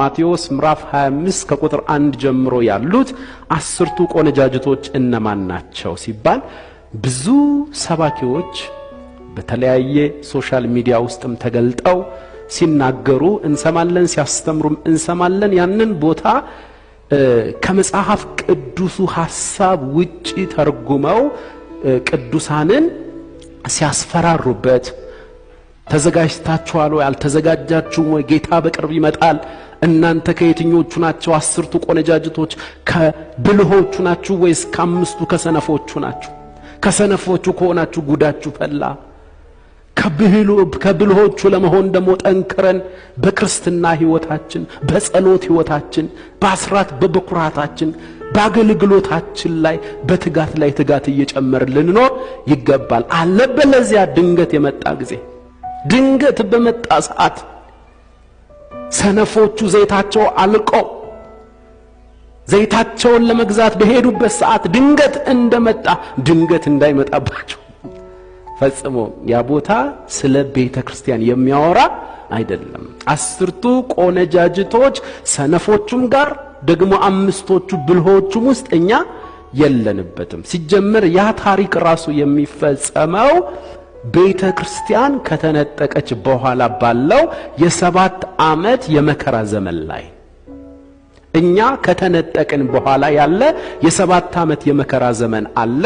ማቴዎስ ምዕራፍ 25 ከቁጥር 1 ጀምሮ ያሉት አስርቱ ቆነጃጅቶች እነማን ናቸው ሲባል ብዙ ሰባኪዎች በተለያየ ሶሻል ሚዲያ ውስጥም ተገልጠው ሲናገሩ እንሰማለን፣ ሲያስተምሩም እንሰማለን። ያንን ቦታ ከመጽሐፍ ቅዱሱ ሐሳብ ውጪ ተርጉመው ቅዱሳንን ሲያስፈራሩበት ተዘጋጅታችኋል ወይ? አልተዘጋጃችሁም ወይ? ጌታ በቅርብ ይመጣል። እናንተ ከየትኞቹ ናቸው? አስርቱ ቆነጃጅቶች ከብልሆቹ ናችሁ ወይስ ከአምስቱ ከሰነፎቹ ናችሁ? ከሰነፎቹ ከሆናችሁ ጉዳችሁ ፈላ። ከብልሆቹ ለመሆን ደግሞ ጠንክረን በክርስትና ሕይወታችን፣ በጸሎት ሕይወታችን፣ በአስራት በበኩራታችን፣ በአገልግሎታችን ላይ በትጋት ላይ ትጋት እየጨመር ልንኖር ይገባል። አለበለዚያ ድንገት የመጣ ጊዜ ድንገት በመጣ ሰዓት ሰነፎቹ ዘይታቸው አልቆ ዘይታቸውን ለመግዛት በሄዱበት ሰዓት ድንገት እንደመጣ ድንገት እንዳይመጣባቸው ፈጽሞ ያ ቦታ ስለ ቤተ ክርስቲያን የሚያወራ አይደለም። አስርቱ ቆነጃጅቶች ሰነፎቹም ጋር ደግሞ አምስቶቹ ብልሆቹም ውስጥ እኛ የለንበትም። ሲጀመር ያ ታሪክ ራሱ የሚፈጸመው ቤተ ክርስቲያን ከተነጠቀች በኋላ ባለው የሰባት ዓመት የመከራ ዘመን ላይ እኛ ከተነጠቅን በኋላ ያለ የሰባት ዓመት የመከራ ዘመን አለ።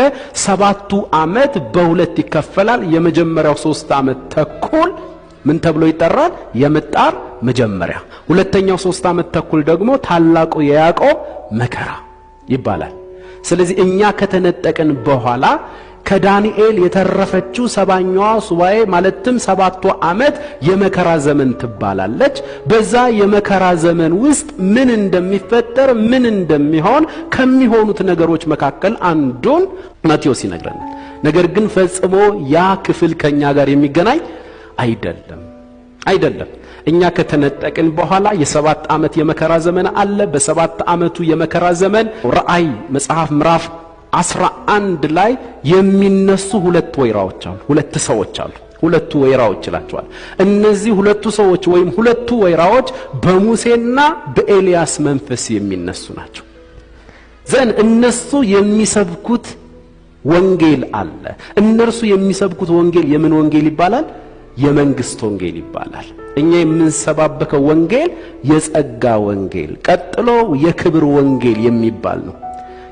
ሰባቱ ዓመት በሁለት ይከፈላል። የመጀመሪያው ሶስት ዓመት ተኩል ምን ተብሎ ይጠራል? የምጣር መጀመሪያ። ሁለተኛው ሶስት ዓመት ተኩል ደግሞ ታላቁ የያዕቆብ መከራ ይባላል። ስለዚህ እኛ ከተነጠቅን በኋላ ከዳንኤል የተረፈችው ሰባኛዋ ሱባኤ ማለትም ሰባቱ ዓመት የመከራ ዘመን ትባላለች። በዛ የመከራ ዘመን ውስጥ ምን እንደሚፈጠር ምን እንደሚሆን ከሚሆኑት ነገሮች መካከል አንዱን ማቴዎስ ይነግረናል። ነገር ግን ፈጽሞ ያ ክፍል ከኛ ጋር የሚገናኝ አይደለም አይደለም። እኛ ከተነጠቅን በኋላ የሰባት ዓመት የመከራ ዘመን አለ። በሰባት ዓመቱ የመከራ ዘመን ራእይ መጽሐፍ ምዕራፍ አስራ አንድ ላይ የሚነሱ ሁለት ወይራዎች አሉ። ሁለት ሰዎች አሉ። ሁለቱ ወይራዎች ይላቸዋል። እነዚህ ሁለቱ ሰዎች ወይም ሁለቱ ወይራዎች በሙሴና በኤልያስ መንፈስ የሚነሱ ናቸው። ዘን እነሱ የሚሰብኩት ወንጌል አለ። እነርሱ የሚሰብኩት ወንጌል የምን ወንጌል ይባላል? የመንግስት ወንጌል ይባላል። እኛ የምንሰባበከው ወንጌል የጸጋ ወንጌል፣ ቀጥሎ የክብር ወንጌል የሚባል ነው።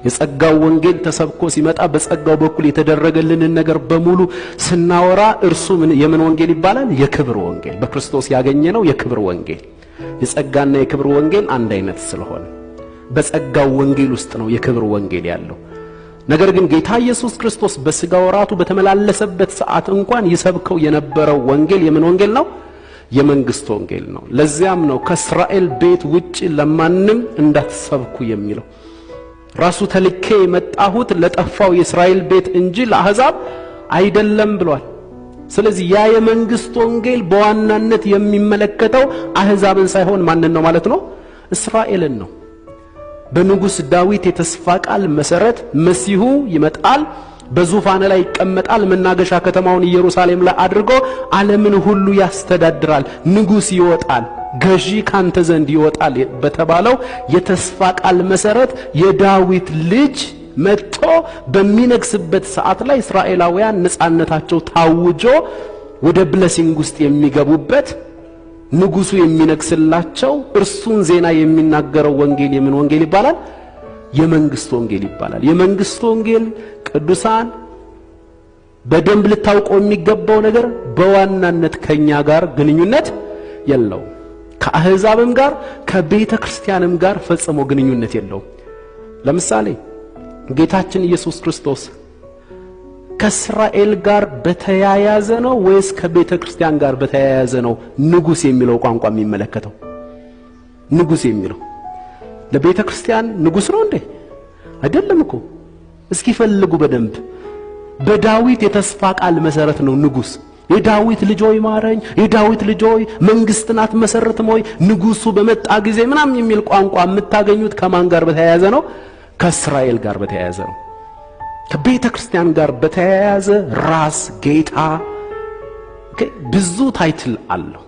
የጸጋው ወንጌል ተሰብኮ ሲመጣ በጸጋው በኩል የተደረገልንን ነገር በሙሉ ስናወራ እርሱ የምን ወንጌል ይባላል? የክብር ወንጌል። በክርስቶስ ያገኘነው የክብር ወንጌል። የጸጋና የክብር ወንጌል አንድ አይነት ስለሆነ በጸጋው ወንጌል ውስጥ ነው የክብር ወንጌል ያለው። ነገር ግን ጌታ ኢየሱስ ክርስቶስ በስጋ ወራቱ በተመላለሰበት ሰዓት እንኳን ይሰብከው የነበረው ወንጌል የምን ወንጌል ነው? የመንግስት ወንጌል ነው። ለዚያም ነው ከእስራኤል ቤት ውጪ ለማንም እንዳትሰብኩ የሚለው። ራሱ ተልኬ የመጣሁት ለጠፋው የእስራኤል ቤት እንጂ ለአሕዛብ አይደለም ብሏል። ስለዚህ ያ የመንግስት ወንጌል በዋናነት የሚመለከተው አሕዛብን ሳይሆን ማንን ነው ማለት ነው? እስራኤልን ነው። በንጉሥ ዳዊት የተስፋ ቃል መሰረት መሲሁ ይመጣል፣ በዙፋን ላይ ይቀመጣል፣ መናገሻ ከተማውን ኢየሩሳሌም ላይ አድርጎ ዓለምን ሁሉ ያስተዳድራል፣ ንጉሥ ይወጣል። ገዢ ካንተ ዘንድ ይወጣል በተባለው የተስፋ ቃል መሰረት የዳዊት ልጅ መጥቶ በሚነግስበት ሰዓት ላይ እስራኤላውያን ነፃነታቸው ታውጆ ወደ ብለሲንግ ውስጥ የሚገቡበት ንጉሱ የሚነግስላቸው እርሱን ዜና የሚናገረው ወንጌል የምን ወንጌል ይባላል? የመንግስት ወንጌል ይባላል። የመንግስት ወንጌል ቅዱሳን በደንብ ልታውቀው የሚገባው ነገር በዋናነት ከኛ ጋር ግንኙነት የለውም። ከአህዛብም ጋር ከቤተ ክርስቲያንም ጋር ፈጽሞ ግንኙነት የለውም። ለምሳሌ ጌታችን ኢየሱስ ክርስቶስ ከእስራኤል ጋር በተያያዘ ነው ወይስ ከቤተ ክርስቲያን ጋር በተያያዘ ነው? ንጉሥ የሚለው ቋንቋ የሚመለከተው ንጉሥ የሚለው ለቤተ ክርስቲያን ንጉሥ ነው እንዴ? አይደለም እኮ እስኪ ፈልጉ በደንብ በዳዊት የተስፋ ቃል መሰረት ነው ንጉሥ የዳዊት ልጅ ሆይ ማረኝ፣ የዳዊት ልጅ ሆይ መንግስት ናት መሰረት ሆይ ንጉሱ በመጣ ጊዜ ምናምን የሚል ቋንቋ የምታገኙት ከማን ጋር በተያያዘ ነው? ከእስራኤል ጋር በተያያዘ ነው። ከቤተ ክርስቲያን ጋር በተያያዘ ራስ ጌታ ብዙ ታይትል አለው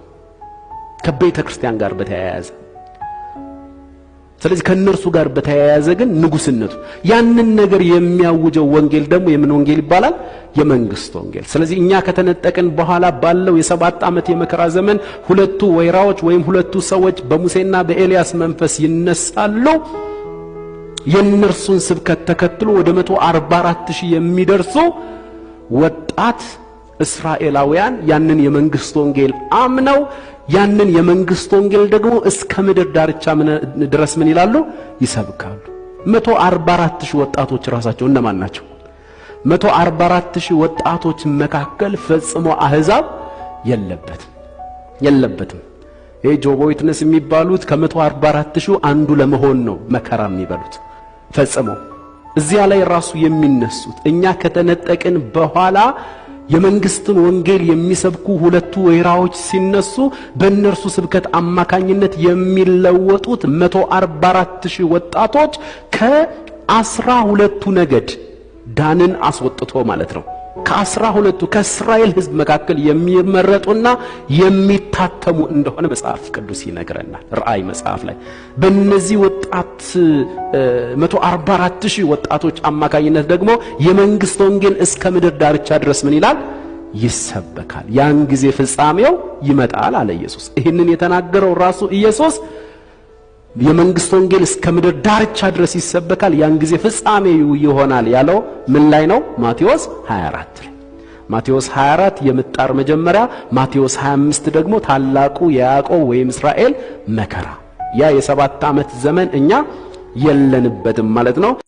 ከቤተ ክርስቲያን ጋር በተያያዘ ስለዚህ ከእነርሱ ጋር በተያያዘ ግን ንጉስነቱ ያንን ነገር የሚያውጀው ወንጌል ደግሞ የምን ወንጌል ይባላል? የመንግስት ወንጌል። ስለዚህ እኛ ከተነጠቅን በኋላ ባለው የሰባት ዓመት የመከራ ዘመን ሁለቱ ወይራዎች ወይም ሁለቱ ሰዎች በሙሴና በኤልያስ መንፈስ ይነሳሉ። የእነርሱን ስብከት ተከትሎ ወደ 144 ሺህ የሚደርሱ ወጣት እስራኤላውያን ያንን የመንግስት ወንጌል አምነው ያንን የመንግስት ወንጌል ደግሞ እስከ ምድር ዳርቻ ድረስ ምን ይላሉ? ይሰብካሉ። 144 ሺህ ወጣቶች ራሳቸው እነማን ናቸው? 144 ሺህ ወጣቶች መካከል ፈጽሞ አህዛብ የለበትም የለበትም። ይሄ ጆቦ ዊትነስ የሚባሉት ከ144 ሺህ አንዱ ለመሆን ነው መከራ የሚበሉት ፈጽሞ። እዚያ ላይ ራሱ የሚነሱት እኛ ከተነጠቅን በኋላ የመንግስትን ወንጌል የሚሰብኩ ሁለቱ ወይራዎች ሲነሱ በእነርሱ ስብከት አማካኝነት የሚለወጡት 144000 ሺህ ወጣቶች ከአስራ ሁለቱ ነገድ ዳንን አስወጥቶ ማለት ነው። ከአስራ ሁለቱ ከእስራኤል ሕዝብ መካከል የሚመረጡና የሚታተሙ እንደሆነ መጽሐፍ ቅዱስ ይነግረናል። ራእይ መጽሐፍ ላይ በእነዚህ ወጣት 144 ሺህ ወጣቶች አማካኝነት ደግሞ የመንግሥት ወንጌል እስከ ምድር ዳርቻ ድረስ ምን ይላል ይሰበካል። ያን ጊዜ ፍጻሜው ይመጣል አለ ኢየሱስ። ይህንን የተናገረው ራሱ ኢየሱስ የመንግስት ወንጌል እስከ ምድር ዳርቻ ድረስ ይሰበካል፣ ያን ጊዜ ፍጻሜ ይሆናል ያለው ምን ላይ ነው? ማቴዎስ 24 ላይ። ማቴዎስ 24 የምጣር መጀመሪያ፣ ማቴዎስ 25 ደግሞ ታላቁ የያዕቆብ ወይም እስራኤል መከራ። ያ የሰባት ዓመት ዘመን እኛ የለንበትም ማለት ነው።